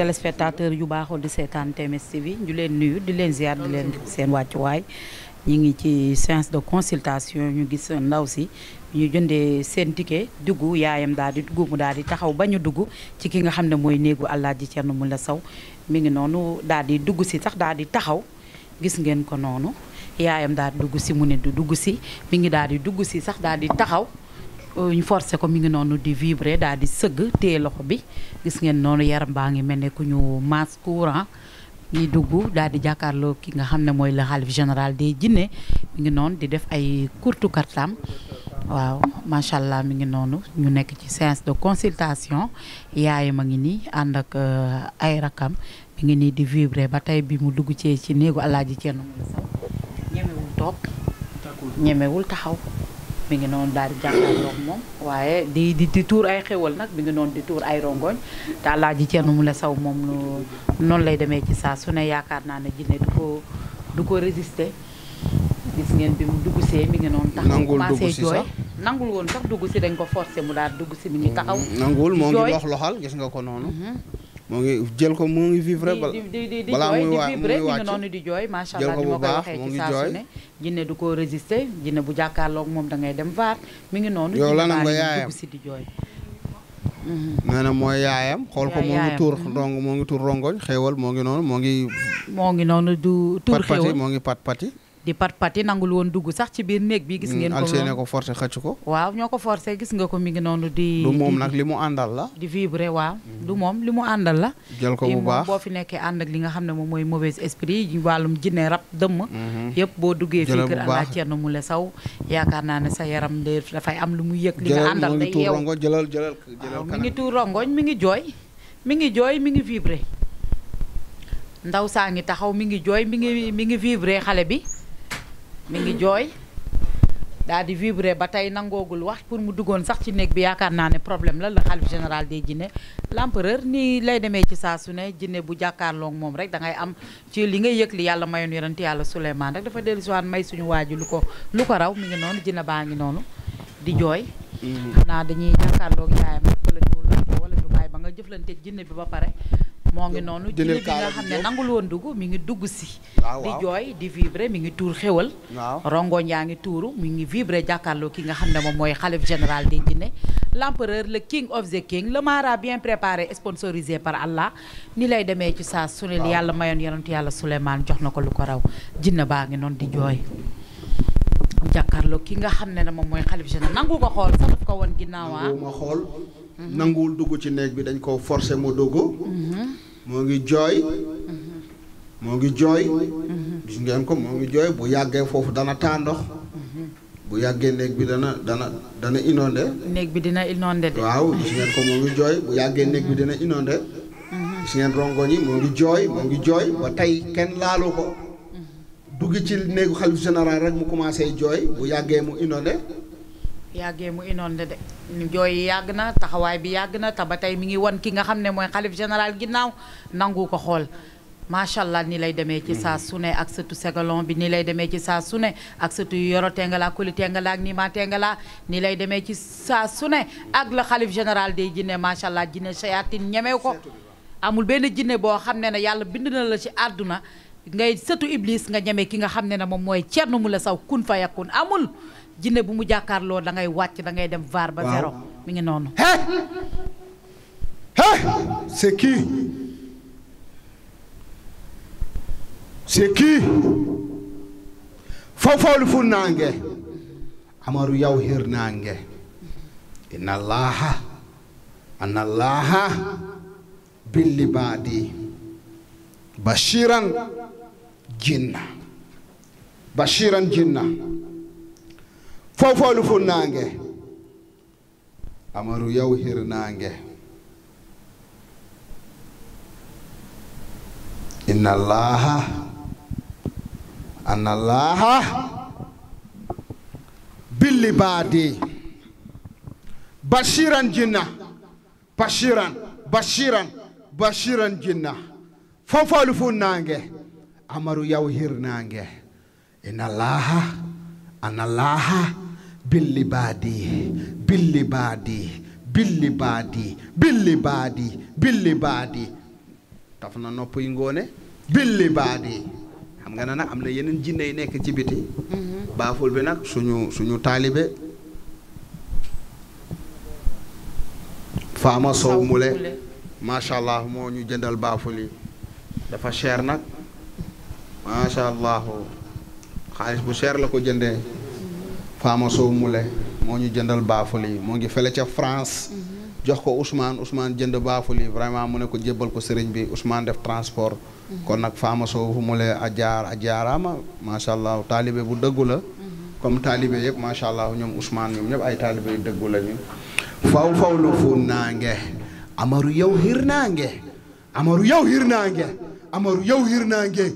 téléspectateur yu baaxul di seetaan TMS TV ñu leen nuyu di leen ziar di leen seen wàccuwaay ñu ngi ci séance de consultation ñu gis ndaw si ñu jëndee seen ticket dugg yaayam daal di dugg mu daal di taxaw ba ñu dugg ci ki nga xam ne mooy néegu Alaaji Cerno Mulla Saw mi ngi noonu daal di dugg si sax daal di taxaw gis ngeen ko noonu yaayam daal di dugg si mu ne du dugg si mi ngi daal di dugg si sax daal di taxaw Euh, ñu forcé ko mi ngi noonu di vibrer daal di sëgg téye loxo bi gis ngeen noonu yaram baa ngi mel ne ku ñu masse courant ñi dugg daal di jàkkaarloo ki nga xam ne mooy la xaalif général des jinne mi ngi noonu di def ay kurtu kartam waaw macha allah mi ngi noonu ñu nekk ci séance de consultation yaay ma ngi nii ànd ak euh, ay rakam mu ngi nii di vibrer ba tey bi mu dugg cee ci néegu alaaji Ceerno Moule Sow ñemewul toog ñemewul taxaw mi ngi noonu daal di jàkkaarloog moom waaye di di di tuur ay xéwal nag mi ngi noonu di tuur ay rongoñ ji Alaaji mu Moule saw moom noonu lay demee ci saa su ne yaakaar naa ne jinne du ko du ko résister gis ngeen bi mu dugg see mi ngi noonu. tax mu commencé jooy nangul woon sax dugg si dañ ko forcer mu daal dugg si mi ngi taxaw. nangul moo lox loxal gis nga ko noonu. Mhm. moo jël ko moo ngi vivre balaa muy waa muy wàcc noonu di jooy macha allah ni ma koy waxee ci saa su du ko résister jinne bu jàkkaarloog moom da ngay dem vaar mi ngi noonu yow lanam yaayam si di jooy mm-hmm. nee mooy yaayam xool ko moo mm-hmm. ngi tuur rong moo ngi rongoñ xéewal moo ngi noonu moo ngi moo ngi noonu du tuur xéewal moo ngi pat pati di pat pati nangul woon dugg sax ci biir néeg bi gis ngeen ko alsene ko forcé xëcc ko waaw ñoo ko forcé gis nga ko mi ngi noonu di du moom nag li mu àndal la di vibrer waaw du moom li mu àndal la jël ko bu baax boo fi nekkee ànd ak li nga xam ne moom mooy mauvais esprit yi wàllum jinne rab dëmm mhm. yëpp boo duggee fii kër àlaa mu Moule saw yaakaar naa ne sa yaram dafay am lu mu yëg li nga àndal day yeew jëlal jëlal jëlal mi ngi tuur rongoñ mi ngi jooy mi ngi jooy mi ngi vibrer ndaw saa ngi taxaw mi ngi jooy mi ngi mi ngi vibrer xale bi mi ngi jooy daal di vibrer ba tey nangoogul wax pour mu duggoon sax ci néeg bi yaakaar naa ne problème la la xalif général de jinne l'empereur nii lay demee ci saa su ne jinne bu jàkkaarlook moom rek da ngay am ci li ngay yëg li yàlla mayoon yonent yàlla Souleymane rek dafa dellu siwaan may suñu waaju lu ko lu ko raw mi ngi noonu jinne baa ngi noonu di jooy mm-hmm. xanaa dañuy jàkkaarloog yaayam wala ñu wala ba nga jëflante jinne bi ba pare moo ngi noonu jël bi nga xam ne nangul woon dugg mi ngi dugg si di jooy di vibrer mi ngi tuur xéwal rongoñ yaa ngi tuuru mi ngi vibre jàkkaarloo ki nga xam ne moom mooy xalif général des jinne l'empereur le king of the king bien préparé sponsorisé par Allah ni lay demee ci saa su yàlla mayoon yonentu yàlla Souleymane jox na ko lu ko raw jinne baa ngi noonu di ki nga xam ne moom mooy xalif général nangu ko xool sax daf ko woon ginnaaw ah. Mhm. nanguwul dugg ci néeg bi dañ koo forcer mu dugg mhm. moo ngi jooy mhm. moo ngi jooy ko moo jooy bu yàggee foofu dana taandox bu yàggee néeg bi dana dana dana inondé néeg bi dina inondé de waaw gis ngeen ko moo ngi jooy bu yàggee néeg bi dina inondé gis ngeen rongoñ yi moo ngi jooy moo ngi jooy ba tey kenn laalu ko dugg ci néegu xalif général rek mu commencé jooy bu yàggee mu inondé yàggee mu inondé de jooy yàgg na taxawaay bi yàgg na te ba tey mi ngi wan ki nga xam ne mooy xalif général ginnaaw nangu ko xool macha allah ni lay demee ci saa su ne ak sëtu segalon bi ni lay demee ci saa su ne ak sëtu yoro tengala kuli tengala ak ni ma tengala ni lay demee ci saa su ne ak la xalif général day jinne macha allah jinne sayaatin ñemew ko amul benn jinne boo xam ne ne yàlla bind na la ci àdduna ngay sëtu iblis nga ñeme ki nga xam ne ne moom mooy Thierno Moule Sow kun fa yakun amul jinne bu mu jàkkaarloo da ngay wàcc da ngay dem vaar ba zéro mi ngi noonu he he c'est qui c'est qui fofoolu funnaange amaru yaw hirnaange inna allaha anna allaha billi baadi bashiran jinna bashiran jinna fofolu funnaange amaru yaw hirnaange inna allaha anna allaha billi baadi bashiran jinna bashiran bashiran bashiran jinna fofolu funnaange amaru yaw hirnaange inna allaha anna allaha billi baadi billi baadi billi baadi billi baadi billi baadi taf na nopp yi ngoone billi baadi xam nga ne nag am na yeneen jinne yi nekk ci biti mhm. baaful bi nag suñu suñu taalibe faama sow mule macha allah moo ñu jëndal baaful yi dafa cher nag macha allah xaalis bu cher la ko jëndee Fama Sow Moulé moo ñu jëndal baaful moo ngi fële ca France. Mhm. jox ko Ousmane Ousmane jënd baaful yi vraiment mu ne ko jébbal ko sëriñ bi Ousmane def transport. Mhm. kon nag Fama Sow Moulé a jaar a jaaraama macha allah taalibe bu dëggu la. Mhm. comme taalibe yëpp macha allah ñoom Ousmane ñoom ñëpp ay taalibe dëggu lañu. faw faw lu fuun amaru yow hir naange amaru yow hir naange amaru yow hir naange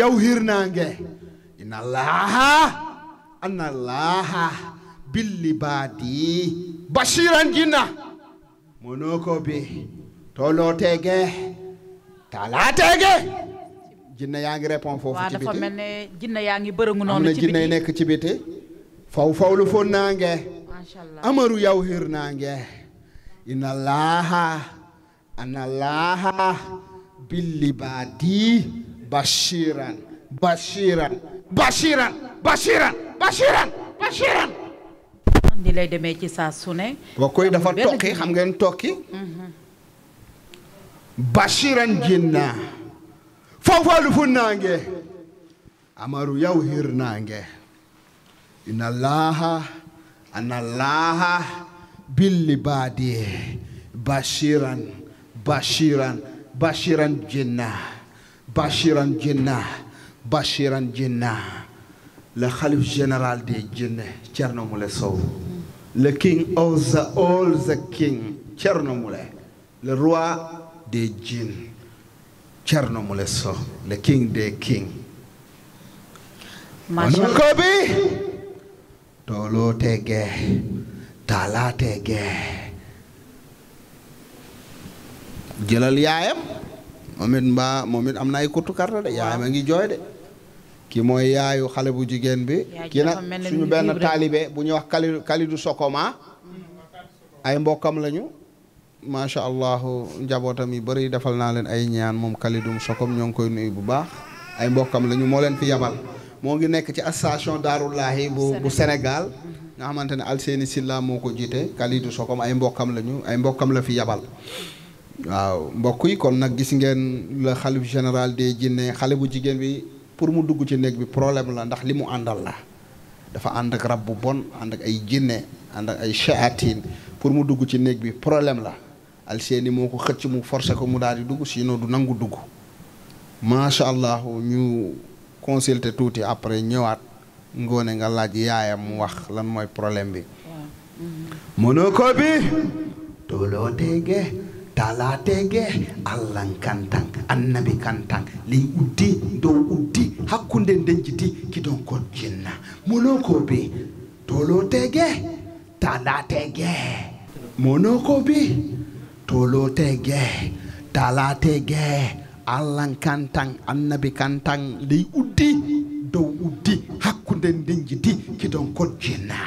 yow hir inna allaha anna allaha billibaadi bashiran jinna monoko be tolotege talatege jinne yaa ngi répond foofu ci biti dafa mel ne jinne yaa ngi bërëngu ci biti nekk ci biti faw faw lu fon naange amaru yaw hir naange inna allaha anna allaha billibaadi bashiran bashiran bashiran bashiran bashiran bashiran ni lay demee ci saa su ne wa koy dafa tokki xam ngeen tokki mhm. bashiran jinna fawfalu fu naange amaru yaw hir naange inna allaha anna allaha billi baadi bashiran bashiran bashiran jinna bashiran jinna Bachiran Jinna le Khalif général des Jinne Thierno Moule Sow le king of the all the king Thierno Moule le roi des djinns Thierno Moule Sow le king des kings macha allah ko bi tooloo tege taalaa tege jëlal yaayam moom it mbaa moom it am na ay kurtu karta de yaayam a ngi jooy de ki mooy yaayu xale bu jigéen bi kii nag suñu benn taalibe bu ñuy wax kali Kalidou Sokoma ay mbokkam lañu macha allah njabootam yi bëri defal naa leen ay ñaan moom Kalidou Sokom ñoo ngi koy nuyu bu baax ay mbokkam lañu moo leen fi yabal moo ngi nekk ci association Daarullahi bu Sénégal nga xamante ne Alseeni Silla moo ko jiite Kalidou Sokom ay mbokkam lañu ay mbokkam la fi yabal waaw mbokk yi kon nag gis ngeen la xalif général des jinne xale bu jigéen bi pour mu dugg ci néeg bi problème la ndax li mu àndal la dafa ànd ak rab bu bon ànd ak ay jinne ànd ak ay shayaatin pour mu dugg ci néeg bi problème la alseeni moo ko xëcc mu forcé ko mu daal di dugg sinon du nangu dugg macha allah ñu consulter tuuti après ñëwaat ngoone nga laaj yaayam mu wax lan mooy problème bi. mënoo ko bi. tooloo tege. talaatege allahn kantan annabi kantan ley uddi dow uddi hakkunde ndenjiti jinna monokoɓe tolotege talatege monokoɓe tolotege ley uddi dow uddi hakkunde ndenjiti jinna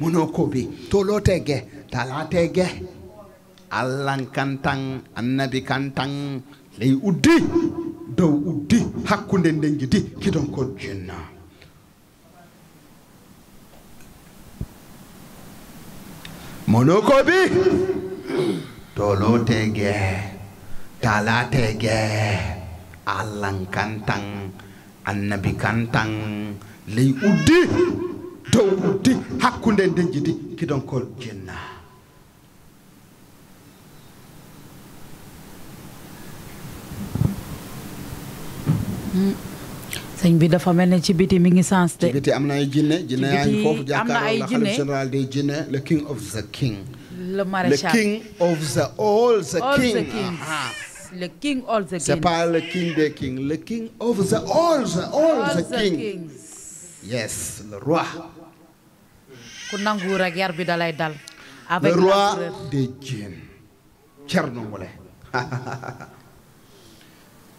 monokoɓe tolotege talatege allan kantan annabi kantan ley uddi dow uddi hakkunde ndengi di kidon ko jinna mono koɓi dolotege talatege allan kantan annabi kantan ley uddi dow uddi hakkunde ndenji di kidon jinna sëñ bi dafa mel ne ci biti mi ngi sens de. ci biti am na ay jinne jinne yaa ngi foofu jàkkaarloo la xalif général des jinne le king of the king. le maréchal le king of the all the king. le king all the king. c'est pas le king des kings le king of the all the all the king. yes le roi. ku nangu rek yar bi dalay dal. avec le roi des jinne Thierno Moule.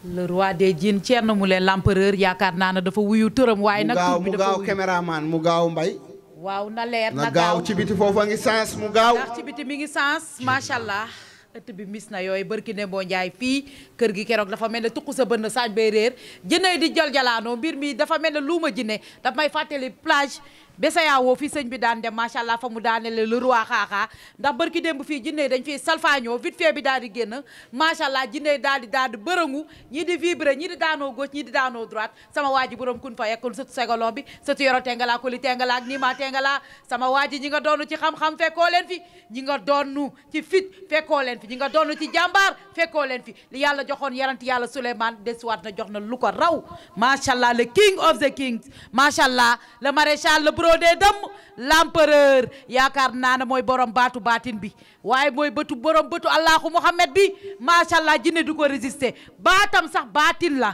le roi des jeans Thierno Moule l'empereur yaakaar naa ne dafa wuyu turam waaye nag. tur mu gaaw mu gaaw caméraman mu gaaw mbay. waaw na leer na gaaw ci biti foofu a ngi sens mu gaaw. ndax ci biti mi ngi sens macha allah. ëtt bi mis na yooyu bërki ne boo njaay fii kër gi keroog dafa mel ne tuq sa bënn saañ bay réer jënay di jol jalaanoo mbir mii dafa mel ne luuma jinne daf may fàttali plage Beseyawoo fii sëñ bi daan dem macha allah fa mu daanele le roi xaaxaa ndax barki démb fii jinne dañ fiy salfaañoo vite fait bi daal di génn macha allah jinne daal di daal di bërëngu ñii di vibre ñii di daanoo gauche ñii di daanoo droite sama waa ji borom kun fa yekkul sëtu segolon bi sëtu yoro tengalaa kuli tengalaa ak niima tengalaa sama waa ji nga doonu ci xam-xam fekkoo leen fi ñi nga doonu ci fit fekkoo leen fi ñi nga li yàlla joxoon yaranti yàlla Souleymane desuwaat na jox na lu ko raw macha allah le king of the kings macha allah brodé damm l'empereur yaakaar naa ne mooy borom baatu baatin bi waaye mooy bëtu borom bëtu allahu muhammad bi macha allah jinne du ko résister baatam sax baatin la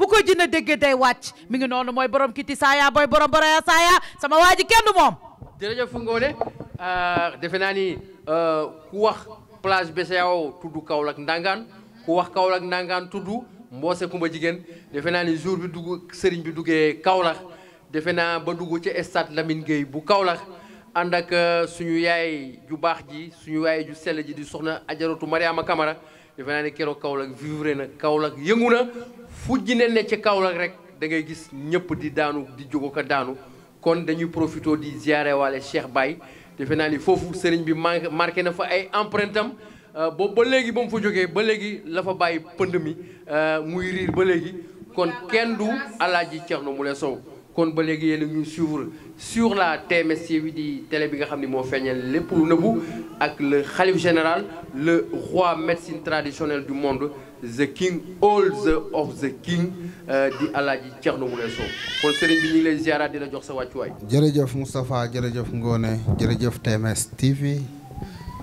fu ko jinne déggee day wàcc mi ngi noonu mooy borom kiti saaya booy borom baraya saaya sama waa ji kenn moom. jërëjëf Ngoné euh, defe naa ni euh, ku wax plage BCEAO tudd Kaolack Ndangaan ku wax Kaolack Ndangaan tudd Mboose Kumba Jigéen defe naa ni jour bi dugg sëriñ bi duggee Kaolack. defe naa ba dugg ci stade lamin géey bu Kaolack ànd ak euh, suñu yaay ju baax ji suñu yaay ju sell ji di soxna ajaratu Mariama Kamara defe naa ne keroog Kaolack vivre na Kaolack yëngu na fu jine ne ci Kaolack rek da ngay gis ñëpp di daanu di jóg ko daanu kon dañuy profité di ziare waale Cheikh Baye defe naa ni foofu sëriñ bi marqué na fa ay empreinte am euh, boobu ba léegi ba mu fa jógee ba léegi la fa bàyyi pënd mi euh, muy riir ba léegi kon kenn du alaaji Thierno Moule Sow kon ba léegi yéen a suivre sur la TMS TV di télé bi nga xam ne moo feeñal lépp lu nëbbu ak le xalif général le roi médecine traditionnelle du monde the king all the of the king euh, di Alaaji Thierno Moule Sow kon sëriñ bi ñu ngi lay ziara la jox sa wàccuwaay. jërëjëf Moustapha jërëjëf Ngone jërëjëf TMS TV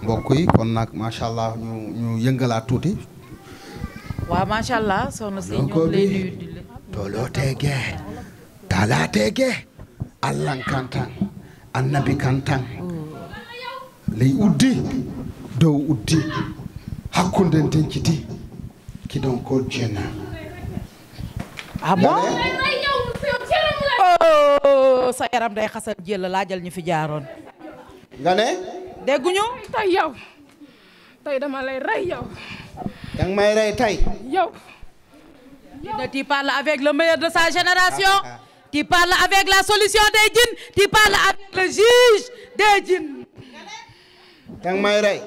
mbokk yi kon nag macha allah ñu ñu yëngalaat tuuti. waaw macha allah soxna si ñu lay tooloo tee taalateeke allah kan tan annabi kan tan uddi dow uddi hakkunde n tenciti kidon ko jeenama ah oh, sa yaram day xasal jël laajal ñu fi jaaroon nga ne dégguñu tey yow tey dama lay rey yow dang may rey tey yow ne tu parles avec le meilleur de sa génération ah, ah, ah. Tu parles avec la solution des djinns, tu parles avec le juge des djinns. dang may rey.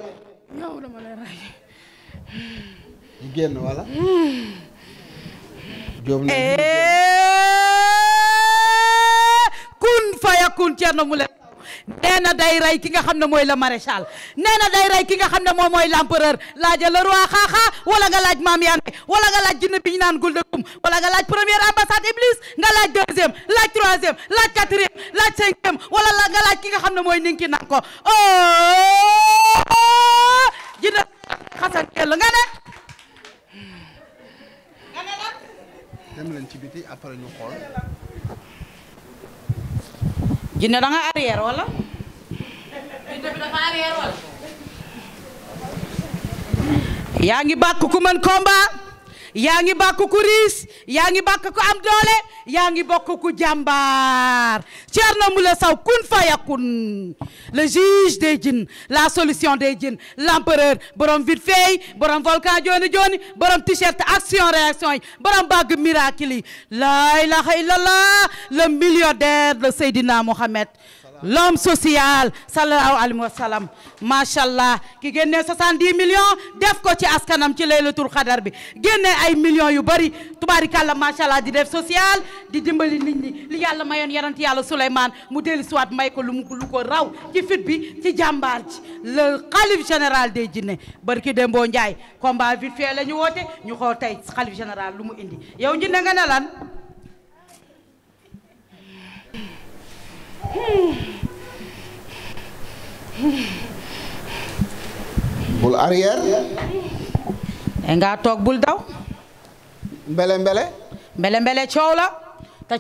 yow dama eh, kun fayakun Thierno Moule. nee na day rey ki nga xam ne mooy le maréchal nee na day rey ki nga xam ne moom mooy l'empereur laaja le roi xaaxaa wala nga laaj maam yande wala nga laaj jinne bi naan gul de wala nga laaj première ambassade iblis nga laaj deuxième laaj troisième laaj quatrième laaj cinquième wala nga laaj ki nga xam ne mooy ninki nan ko oh jinne xasan jinne da nga arrière wala. yaa ngi bàkk ku mën combat. yaa ngi bàkk ku riis yaa ngi bàkk ku am doole yaa ngi bokk ku jàmbaar Thierno Moule Sow kun fayakun le juge des la solution des djinns l'empereur borom vite fait borom volcan joni joni borom t-shirt action réaction yi borom bàgg miracle la ilaha illallah le millionnaire le Seydina Mohamed l'homme social sallallahu alayhi wa sallam macha allah ki génnee 70 millions def ko ci askanam ci laylatul xadar bi génnee ay million yu bëri tubaarikàlla macha allah di def social di dimbali nit ñi li yàlla mayoon yonent yàlla Souleymane mu dellu siwaat may ko lu mu lu ko raw ci fit bi ci jàmbaar ci le xalif général des jinne barki Dembo Ndiaye combat vite fait la ñu woote ñu xool tey xalif général lu mu indi yow jinne nga ne bul arrière. da eh, ngaa toog bul daw. mbele mbele. mbele mbele coow la te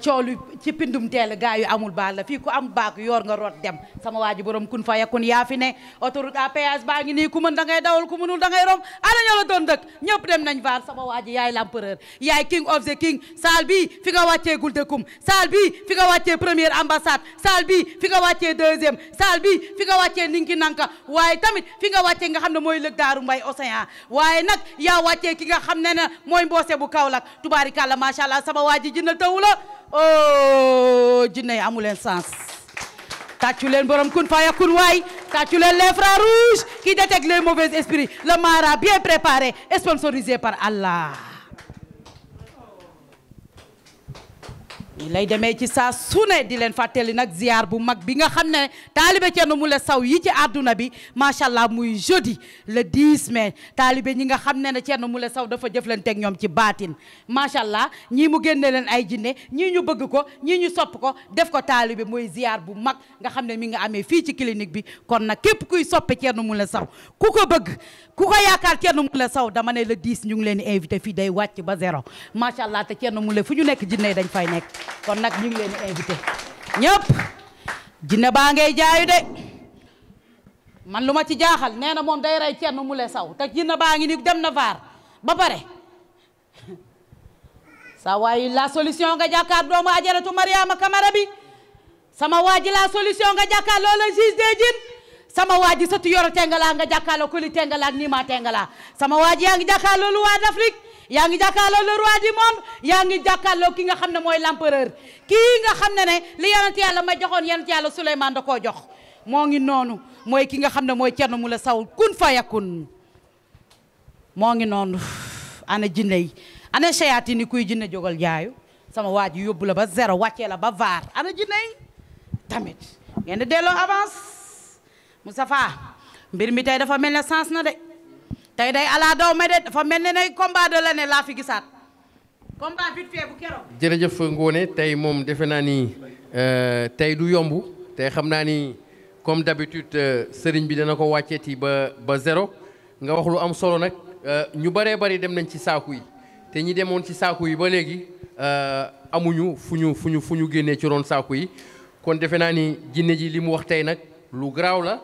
ci pindum teel gaa yu amul baal la fii ku am baak yoor nga root dem sama waa ji borom kun fa yakun yaa fi ne autoroute à péage ngi nii ku mën da ngay dawal ku mënul da ngay rom ana ñoo la doon dem nañ vaar sama waa ji yaay l'empereur yaay king of the king saal bi fi nga wàccee guldekum saal bi fi nga wàccee première ambassade saal bi fi nga wàccee deuxième saal bi fi nga wàccee ninki nanka waaye tamit fi nga wàccee nga xam ne mooy lëg mbay océan waaye nag yaa wàccee ki nga xam ne ne mooy mboose bu Kaolack tubaarikàlla macha allah sama waa ji jëndal taw la oh jinne yi amu leen sens tàccu leen borom kun waay tàccu leen les frères rouges qui détectent les mauvais esprits le mara bien préparé et par Allah lay demee ci saa su ne di leen fàttali nag ziar bu mag bi nga xam ne taalibe Thierno Moule saw yi ci àdduna bi macha allah muy jeudi le 10 mai taalibe ñi nga xam ne ne Thierno Moule saw dafa jëflanteeg ñoom ci baatin macha allah ñii mu génne leen ay jinne ñii ñu bëgg ko ñii ñu sopp ko def ko taalibe mooy ziar bu mag nga xam ne mi nga amee fii ci clinique bi kon nag képp kuy soppe Thierno Moule Sow ku ko bëgg ku ko yaakaar Thierno Moule Sow dama ne le 10 ñu ngi leen di invité fii day wàcc ba zéro macha allah te Thierno Moule fu ñu nekk jinne dañ fay nekk. kon nag ñu ngi invité ñëpp jinne baa ngay jaayu de man lu ma ci jaaxal nee na moom day rey kenn mu le saw te jinne baa ngi ni dem na vaar ba pare sa waay la solution nga jàkkaar doomu ajaratu Mariama Kamara bi sama waa ji la solution nga jàkkaar loola juge des jin sama waa ji satu yoro tengalaa nga jàkkaarloo kuli tengalaa ak niima tengalaa sama waa yaa ngi jàkkaar loolu waa d'Afrique yaa ngi jàkkaarloo le roi du monde yaa ngi jàkkaarloo ki nga xam ne mooy l'empereur kii nga xam ne ne li yonent yàlla ma joxoon yonent yàlla Souleymane da koo jox moo ngi noonu mooy ki nga xam ne mooy Thierno Moule Sow kun fa yakun moo ngi noonu ana jinne yi ana shayaati ni kuy jinne jógal jaayu sama waa ji yóbbu la ba zéro wàccee la ba vaar ana jinne yi tamit ngeen di delloo avance Moustapha mbir mi tey dafa mel ne sens na de tey day ala ma de dafa mel ne ne combat de l'année laa fi gisaat combat vite fait tey moom defe naa ni euh, tey du yomb te xam naa ni comme d'habitude euh, sëriñ bi dana ko wàcceeti ba ba zéro nga wax lu am solo nag euh, ñu bëree bari dem nañ ci saaku yi te ñi demoon ci saaku yi ba léegi amuñu fu ñu fu ñu génnee ci roon saaku yi kon defe naa ni jinne ji li mu wax tey nag lu garaaw la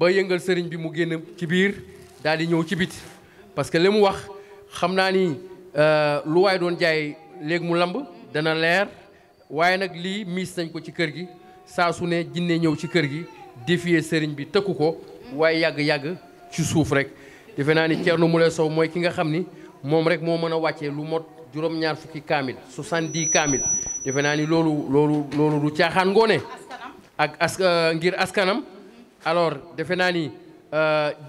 ba yëngal sëriñ bi mu génn ci biir. daal di ñëw ci bit parce que li mu wax xam naa ni euh, lu waaye doon jaay léegi mu lamb dana leer waaye nag lii miis nañ ko ci kër gi saa su ne jinne ñëw ci kër gi défier sëriñ bi tëkku ko waaye yàgg-yàgg ci suuf rek defe naa ni Thierno Moule Sow mooy ki nga xam ni moom rek moo mën a wàccee lu mot juróom-ñaar fukki kaamil soixante di kaamil defe naa ni loolu loolu loolu du caaxaan ngoone ak as ngir askanam alors defe naa ni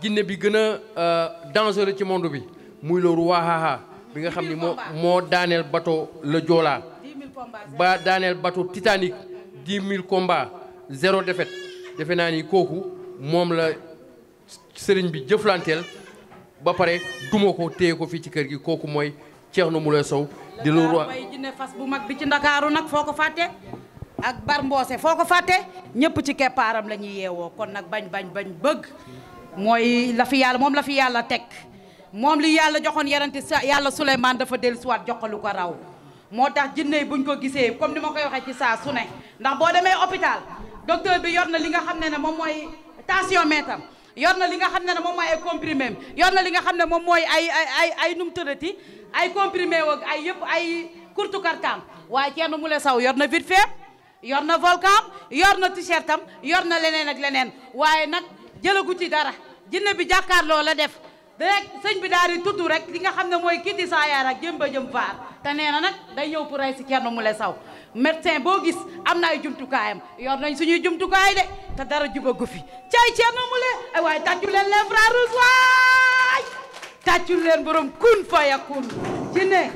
jinne euh, bi gën a euh, dangereux ci monde bi muy le Ruahaha bi nga xam ni moo moo daaneel bateau le Joola ba daaneel bateau Titanic dix mille komba zéro defet defe naa ni kooku moom la sëriñ bi jëflanteel ba pare duma ko téye ko fii ci kër gi kooku mooy ceex Thierno Moule Sow di le roi mooy jinne bu mag bi ci Ndakaaru nag foo ko fàtte ak bar mboose foo ko fàtte ñëpp ci keppaaram la yeewoo kon nag bañ bañ bañ bëgg mooy la yàlla moom la fi yàlla teg moom li yàlla joxoon yarante sa yàlla Souleymane dafa dellusiwaat jox ko lu ko raw moo tax jinne yi buñ ko gisee comme ni ma koy waxee ci saa su ne ndax boo demee hôpital docteur bi yor na li nga xam ne ne moom mooy tension meetam yor na li nga xam ne ne moom mooy ay comprimé na li nga xam ne moom mooy ay ay ay ay num ay comprimé woog ay yëpp ay kurtu kartaam waaye mu Moule saw yor na vite fait yor na volcan yor na t-shirtam yor na leneen ak leneen waaye jëlagu ci dara jinne bi jàkkaarloo la def rek sëñ bi daal di tudd rek li nga xam ne mooy kii di jëmba yaar ak jëm te nee na nag day ñëw pour rey si Thierno Moule Sow médecin boo gis am na ay jumtukaayam yor nañ suñuy jumtukaay de te dara jubagu fi cay Thierno Moule ay waaye tàccu leen les bras rouges waay tàccu leen kun fa yakun jinne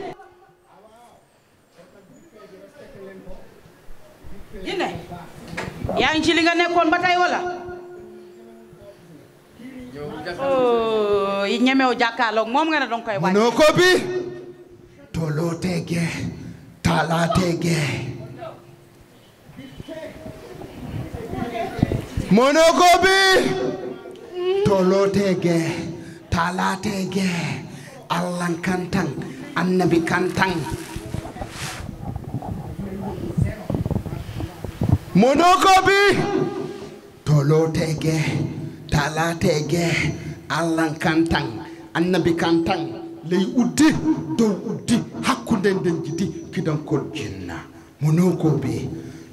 yaa ngi ci li nga nekkoon ba tey oh ñemew jàkkaarloog moom nga ne danga koy wàññi. munoo ko bi. tolloo tege taalaa annabi kantan. munoo ko bi. tolloo taalateege allan kan tan annabi ley uddi dow uddi hakkunde nden jidi kidankol jinna monogoɓe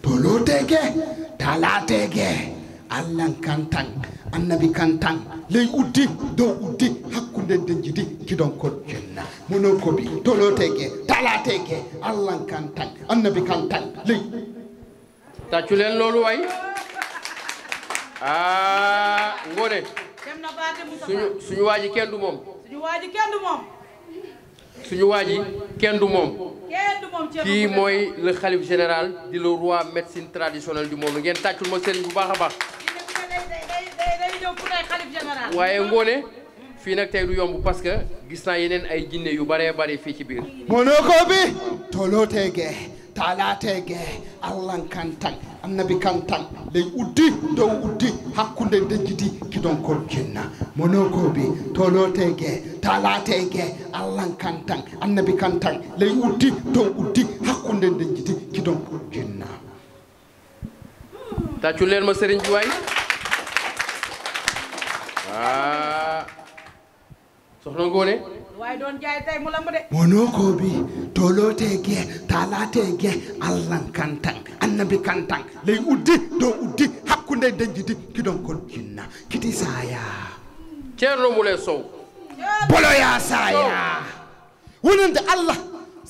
to lotege taalateege allan ley uddi dow uddi hakkunde nden jidi kidankol jinna monogoɓe to lotege taalateege allan kan tan annabi loolu way ah Ngone. suñu waa ji kenn du moom. suñu waa ji kenn du moom. suñu waa ji kenn du moom. kii mooy le xalif général di le roi médecine traditionnelle moom la ngeen tàccul ma sëriñ bu baax a baax. waaye Ngone fii nag tey du yomb parce que gis naa yeneen ay jinne yu baree bari fii ci biir. monoko bi toloo tege. ta laate guehe allahn kan tan annabi kan tan ley uddi dow uddi hakkude dejjidi kidonkol jinna mono koɓe to loote guehe ta laate guehe allahn kan tan annabi kan tan ley uddi dow uddi hakkude dejjidi kidonkol jinna ta cullenmo sérigne ƴuway sohno ngone waaye doon jaay tay mu lamb de wono ko allah kantan annabi kantan ley uddi dow uddi hakkunde dañjidi kidon kon jinna kiti saya ceerno mule sow boloya saya wonande allah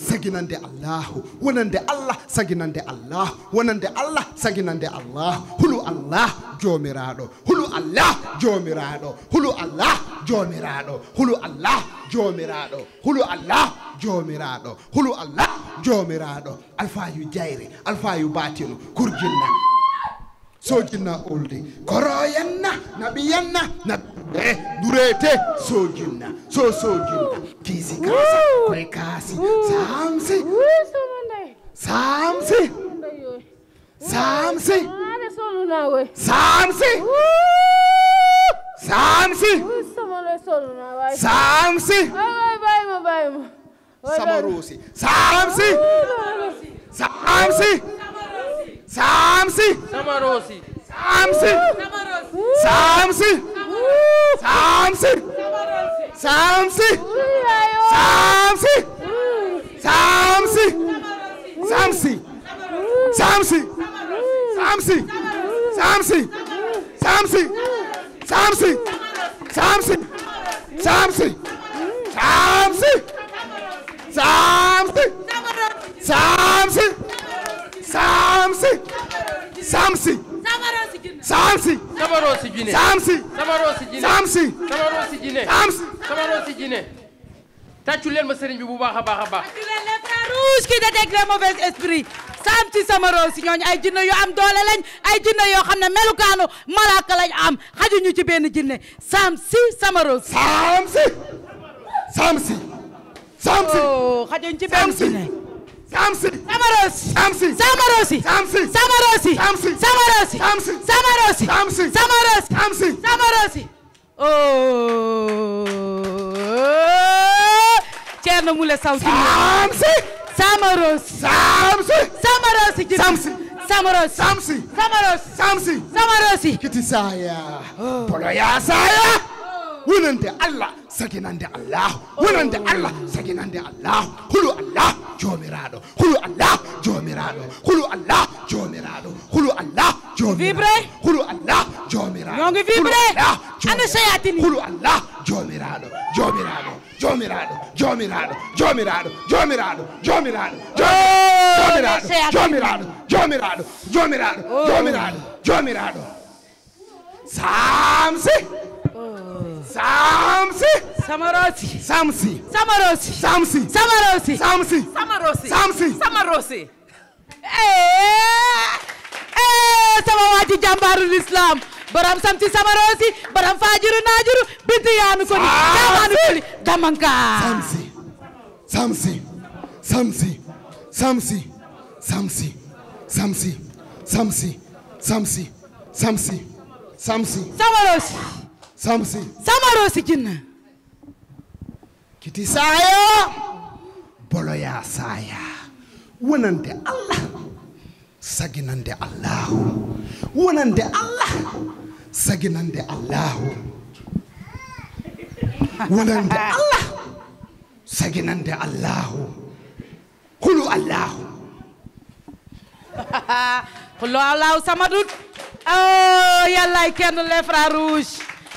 saginande allahu wonande allah saginande allah wonande allah saginande allah hulu allah jomiraɗo hulu allah jomiraɗo hulu allah jomiraɗo hulu allah jomiraɗo hulu allah jomiraɗo hulu allah jomiraɗo alfayu jayre alfayu Eh, durete sojinna so sojinna kiisi kaasa koye kaasi saamse saamse saamse saamse saamse saamse samarosi saamse saamse saamse samarosi ሳምስን ሳምስን ሳምስን ሳምስን ሳምስን ሳምስን ሳምስን ሳምስን ሳምስን ሳምስን ሳምስን ሳምስን ሳምስን ሳምስን ሳምስን ሳምስን ሳምስን ሳምስን ሳምስን Samsi. Samarosi Djine. Samsi. Samarosi Djine. Samsi. Samarosi Djine. Samsi. Samarosi leen ma sëriñ bi bu baax a baax a baax. tàccu leen les frères rouges qui détectent les ay jinne yu am doole lañ ay jinne yoo xam ne melukaanu malaaka lañ am xajuñu ci benn jinne Samsi Samarosi. Samsi. Samsi. Samsi. Oh, xajuñu ci benn jinne. Samsi. Samarosi. Samsi. Samarosi. Samsi. Samarosi. Samsi. Samarosi. Samsi. Samarosi. Samsi. Samarosi. Samsi. Samarosi. Oh. Thierno Moule Sow. Samsi. Samarosi. Samsi. Samarosi. Samsi. Samarosi. Samsi. Samarosi. Samsi. Samarosi. Kiti saya. Polo ya saya. wonande allah saginande allahu wonande allah saginande allahu hulu allah jomiraɗo hulu allah jomiraɗo hulu allah jomiraɗo hulu allah vibre hulu allah jomiraɗo yongi vibre ana sayatini hulu allah jomiraɗo jomiraɗo jomiraɗo jomiraɗo jomiraɗo jomiraɗo jomiraɗo jomiraɗo jomiraɗo oh. jomiraɗo jomiraɗo jomiraɗo samse Samsi. Samarosi. Samsi. Samarosi. Samsi. Samarosi. Samsi. Samarosi. Samsi. Samarosi. sama waa ji jàmbaaru lislaam baram samsi Samarosi baram faajiru naajiru bintu yaanu ko ni yaamaanu ko ni gamanka. Samsi. Samsi. Samsi. Samsi. Samsi. Samsi. Samsi. Samsi. Samsi. Samsi. Samarosi. samsi samarosi jinna kiti saaya boloya saaya wonande allah saginande allahu wonande allah saginande allahu wonande allah saginande allahu hulu allahu hulu allahu samadut o oh, yallay kenn le frère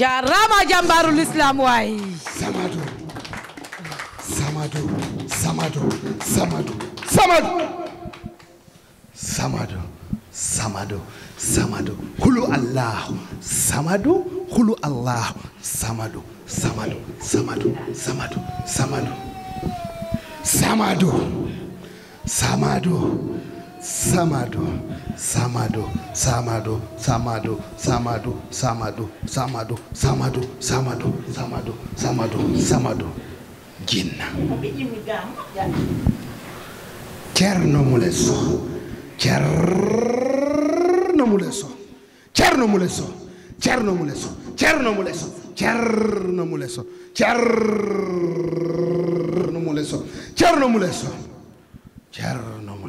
jaaraama jàmbaarul islam waay samadu samadu samadu samadu samadu samadu samadu samadu hulu allahu samadu hulu allahu samadu samadu samadu samadu samadu samadu samadu Samadou Samadou Samadou Samadou Samadou Samadou Samadou Samadou Samadou Samadou Samadou Samadou Jinna Thierno Moule Sow Thierno Moule Sow Thierno Moule Sow Thierno Moule Sow Thierno Moule Sow Thierno Moule Sow Thierno Moule Sow Thierno Moule Sow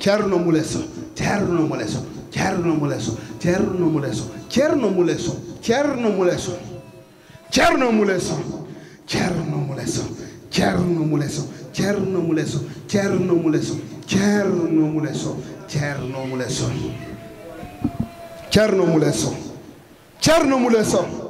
Thierno Moule Sow Thierno Moule Sow Thierno Moule Sow Thierno Moule Sow Thierno Moule Sow Thierno Moule Sow Thierno Moule Sow Thierno Moule Sow Thierno Moule Sow Thierno Moule Sow Thierno Moule Sow Thierno Moule Sow Thierno Moule Sow Thierno Moule Sow Thierno Moule Sow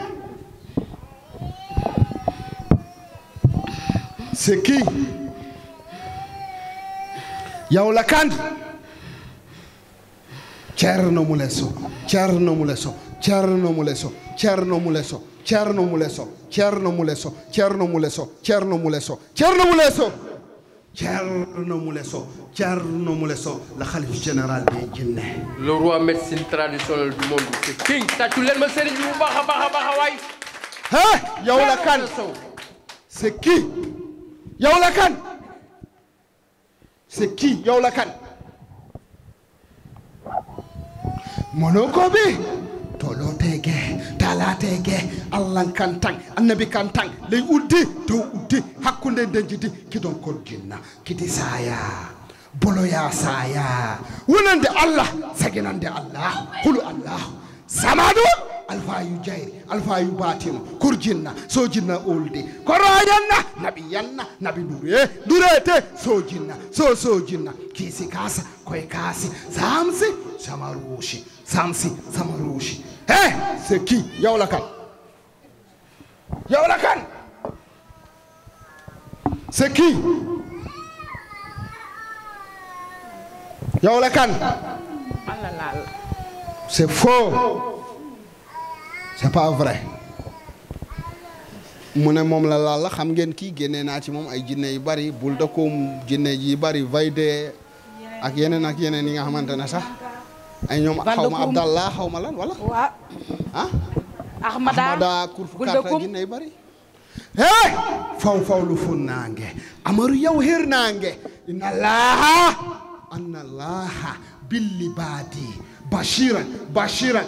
c'est qui yow la kan Thierno Moule Sow Thierno Moule Sow Thierno Moule Sow Thierno Moule Sow Thierno Moule Sow Thierno Moule Sow Thierno Moule Sow Thierno Moule Sow Thierno Moule Sow Thierno Moule Sow Thierno Moule Sow la xalif général des jinne le roi médecine traditionnelle du monde c'est king tàccu leen ma sëriñ bu baax a baax a baax la kan c'est yow la kan c'est qui yow kan monoko be tolote ge talate allah kan tan annabi kan tan ley udde dow udde hakkunde nden jidi kidon kon ginna kidi saya boloya saya wonande allah saginande allah hulu allah samadu alfa yu jayri alfa yu batino kurjinna sojinna olde koroyanna nabi yanna nabi dure durete sojinna so sojinna kiisi kaasa koye kaasi samsi sama ruushi samsi sama ruushi yawla kan yawla kan yawla kan c'est faux c'est pas vrai mu ne moom la laal la xam ngeen kii génne naa ci moom ay jinne yu bari bul dakoom jinne yi bari vayde ak yeneen ak yeneen yi nga xamante ne sax ay ñoom xaw ma abdallah xaw ma lan wala ah ahmada kurtukata jinne yu bari hey faw faw lu fun naange amaru yow xér naange inna allaha anna allaha billi baadi bashiran bashiran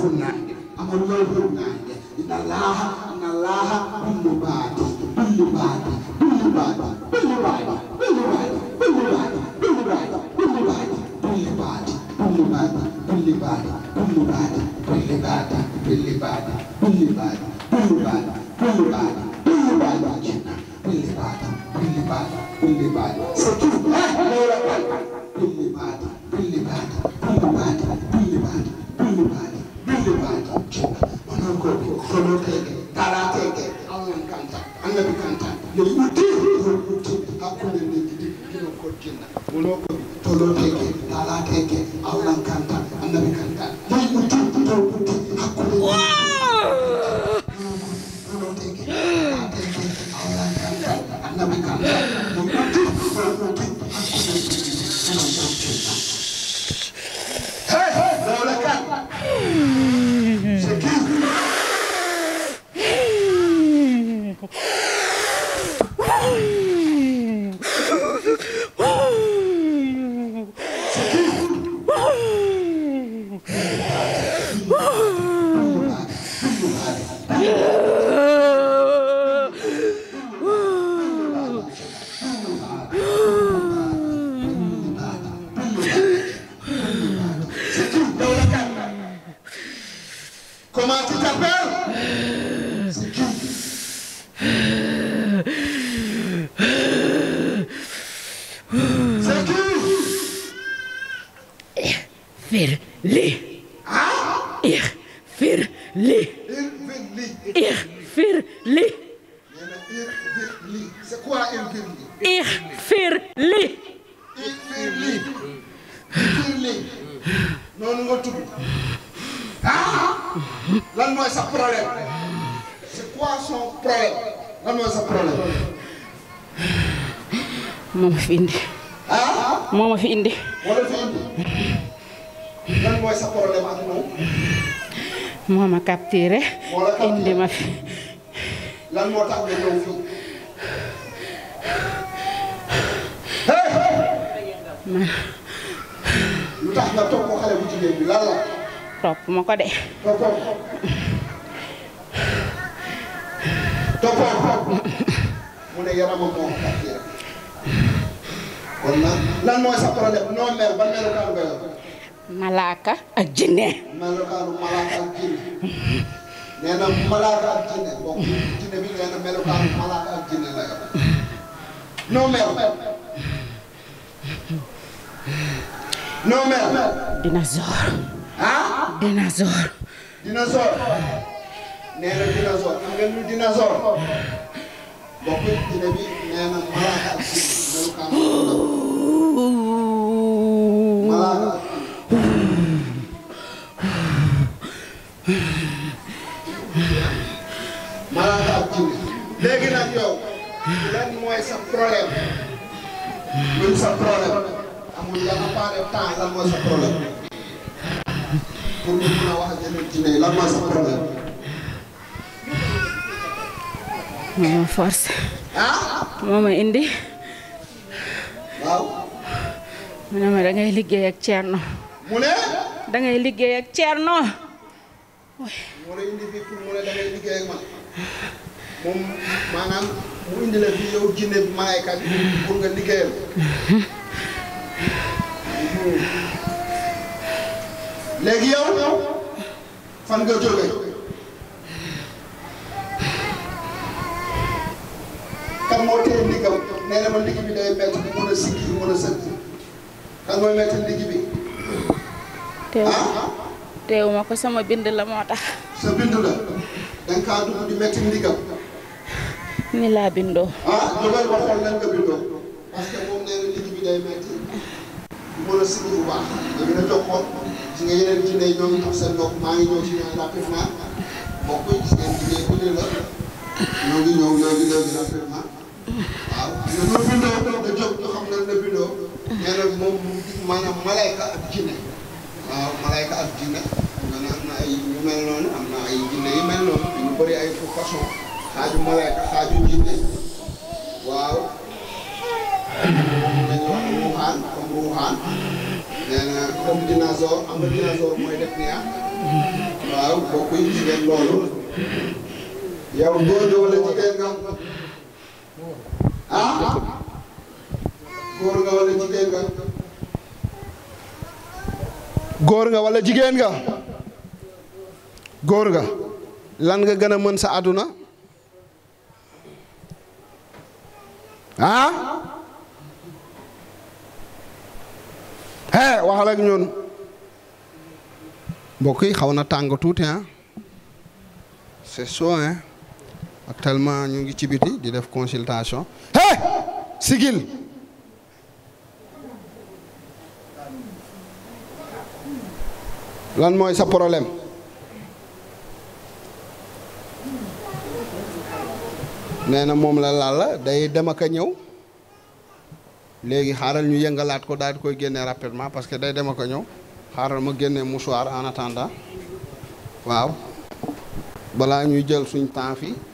funnaange amallahu funnaange inna allaha inna allaha kullu baadi kullu baadi kullu baadi kullu baadi kullu baadi kullu baadi kullu baadi kullu baadi kullu baadi kullu baadi kullu baadi kullu baadi kullu baadi kullu baadi kullu baadi kullu baadi kullu baadi kullu baadi jinna kullu baadi kullu baadi kullu baadi so kullu baadi kullu baadi solo kai Firli. Ich firli. Firli. Firli. C'est fi indi. Ah? Moo ma fi indi. ma indi ma fi. lan moo tax nga topp xale bu jigéen topp ma ko de. toppoo moo ko capturé. kon nag lan mooy sa problème noo mer malaaka ak jinne melokaanu malaaka ak jinne nee na malaaka ak jinne bokk jinne bi nee na melokaanu malaaka ak jinne la yor noo mel noo mel dinosaure ah dinosaure dinosaure nee na dinosaure am nga lu dinosaure bokk jinne bi nee na malaaka ak jinne melokaanu malaaka malaaka ak a wax moom force. Ah? indi. waaw. mu ne ma da ngay liggéey ak Thierno. mu ne. da liggéey ak Thierno. moo la indi fii pour mu ne dangay liggéey ak man moom maanaam mu indi la fii yow jinne bi malaayka bi pour nga liggéeyal. léegi yow fan nga jóge kan moo téye ndigam nee na ma bi day métti mu mën a sikki mën a sëkk kan mooy métti ndig bi. ah. teewuma ko sama bind la moo tax. sa bind la danga kaa di métti ndigam. ni laa bindoo. ah jógal bindoo parce da ngeen a jokkoo si nga la bindoo nga moom maanaam malayka ak jinne waaw malayka ak jinne nga ne ay yu mel noonu am na ay jinne yu mel noonu yu bëri ay fu façon xaaju malayka xaaju jinne waaw dañu wax ruuxaan comme ruuxaan nee na comme dinosaure am na dinosaure mooy def ni ah. waaw bokk yi jigéen loolu yow góor nga wala jigéen nga ah góor nga wala góor nga walla jigéen nga góor nga lan nga gën a mën sa àdduna ah eh waxal ñun mbokk yi xaw na tàng tuuti ah c'est chaud hein actuellement ñu ngi ci biti di def consultation eh sigil lan mooy sa problème nee na moom la laal la day dem ak a ñëw léegi xaaral ñu yëngalaat ko daal di koy génne rapidement parce que day dem ak a ñëw xaaral ma génne mouchoir en attendant waaw balaa ñu jël suñ temps fii